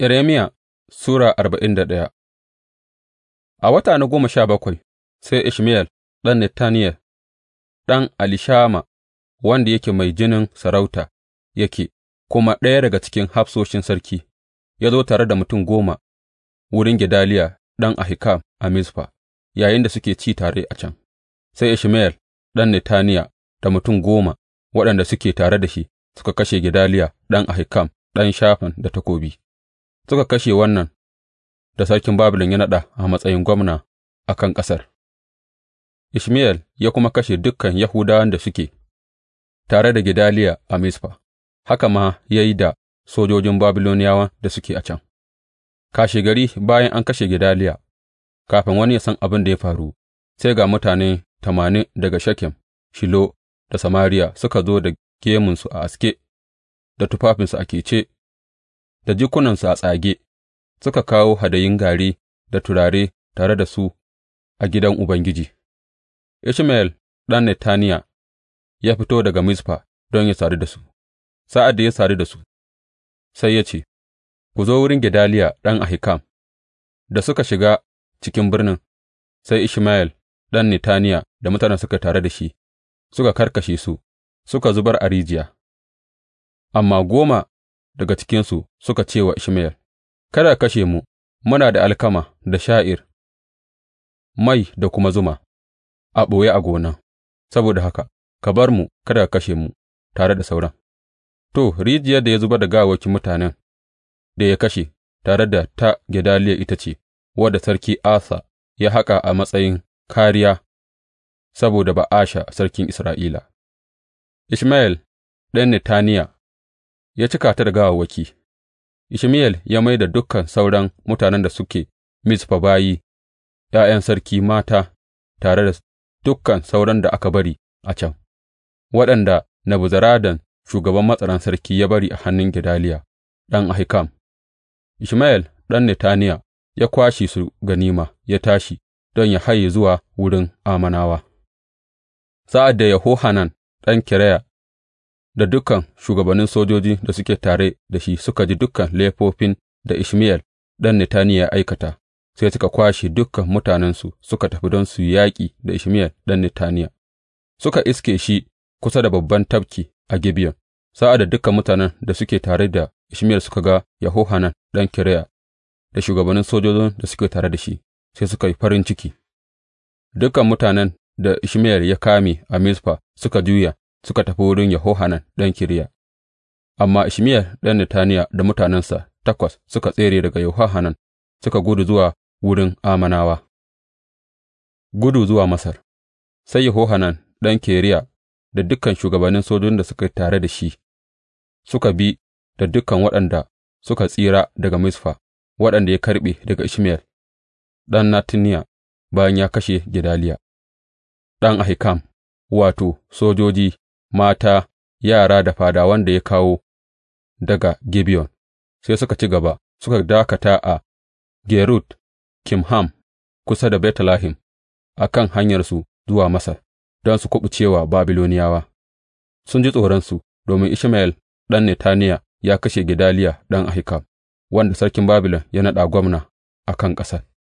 Irmiya Sura arba'in da ɗaya A wata na goma sha bakwai sai ishmael ɗan Nettaneyel, ɗan Alishama, wanda yake mai jinin sarauta yake kuma ɗaya daga cikin hafsoshin sarki, ya zo tare da mutum goma wurin Gedaliya ɗan Ahikam a Mizfa da suke ci tare a can, sai ishmael ɗan Netaniya da mutum goma waɗanda suke tare da shi suka kashe Gedaliya ɗan Ahikam ɗan Shafan da takobi. suka kashe wannan da sarkin Babilon ya naɗa a matsayin gwamna a kan ƙasar. Ishmayel ya kuma kashe dukan Yahudawan da suke tare da Gedaliya a Mizfa, haka ma ya yi da sojojin babiloniyawa da suke a can. Kashegari bayan an kashe Gedaliya, kafin wani ya san abin da ya faru, sai ga mutane tamanin daga Shekem, Shilo da Samariya suka zo da gemunsu a aske, da tufafinsu a kece, da jikunansu a tsage, suka kawo hadayin gari da turare tare da su a gidan Ubangiji. ishmael ɗan Netaniya ya fito daga Mizfa don ya sadu da su, sa'ad da ya sadu da su, sai ya ce, Ku zo wurin Gedaliya ɗan Ahikam, da suka shiga cikin birnin, sai ishmael ɗan Netaniya da mutanen suka tare da shi suka karkashe su, suka zubar a rijiya, amma goma daga cikinsu suka ce wa Ishmayel, Kada ka kashe mu, muna da alkama da sha'ir, mai da kuma zuma a ɓoye a gona, saboda haka ka bar mu kada ka kashe mu tare da sauran. To, rijiyar da ya zuba da gawakin mutanen da ya kashe tare da ta Gedaliya ita ce, wadda sarki Asa ya haƙa a matsayin kariya saboda Ba'asha sarkin Isra'ila. Ishmayel ɗan Netaniya ya cika ta da gawawwaki, Ishmayel ya mai da dukan sauran mutanen da suke Mizfa bayi, ’ya'yan sarki mata, tare da dukan sauran da aka bari a can, waɗanda nabuzaradan shugaban matsaran sarki ya bari a hannun Gedaliya ɗan Ahikam. Ishmayel ɗan Netaniya ya kwashe su ganima ya tashi don ya haye zuwa wurin amanawa. Sa'ad da Yohanan ɗan kiraya. da dukan shugabannin sojoji da suke tare da shi suka ji dukan laifofin da Ishmayel ɗan Netaniya ya aikata, sai suka kwashe dukan mutanensu suka tafi don su yaƙi da Ishmayel ɗan Netaniya. Suka iske shi kusa da babban tafki a Gibeon, sa'ad da dukan mutanen da suke tare da Ishmayel suka ga Yahohanan ɗan Kireya da shugabannin sojojin da suke tare da shi, sai suka yi farin ciki. Dukan mutanen da Ishmayel ya kame a Mizfa suka juya suka tafi wurin Yohanan ɗan Kiriya, amma Ishmiyel ɗan Netaniya da mutanensa takwas suka tsere daga Yohanan suka gudu zuwa wurin amanawa. Gudu zuwa Masar Sai Yohanan ɗan Kiriya da dukan shugabannin sojojin da yi tare da shi suka bi da dukan waɗanda suka tsira daga Misfa, waɗanda ya karɓe daga Ishmiyel ɗan Nataniya bayan ya kashe Gedaliya, ɗan Ahikam, wato, sojoji mata, yara da fadawan da ya kawo daga Gibeyon, sai suka ci gaba suka dakata a Gerut Kimham kusa da Betlehem a kan hanyarsu zuwa Masar don su kuɓuce wa Babiloniyawa. Sun ji tsoronsu domin ishmael ɗan Netaniya ya kashe Gedaliya ɗan Ahikam, wanda sarkin Babilon ya naɗa gwamna a kan ƙasar.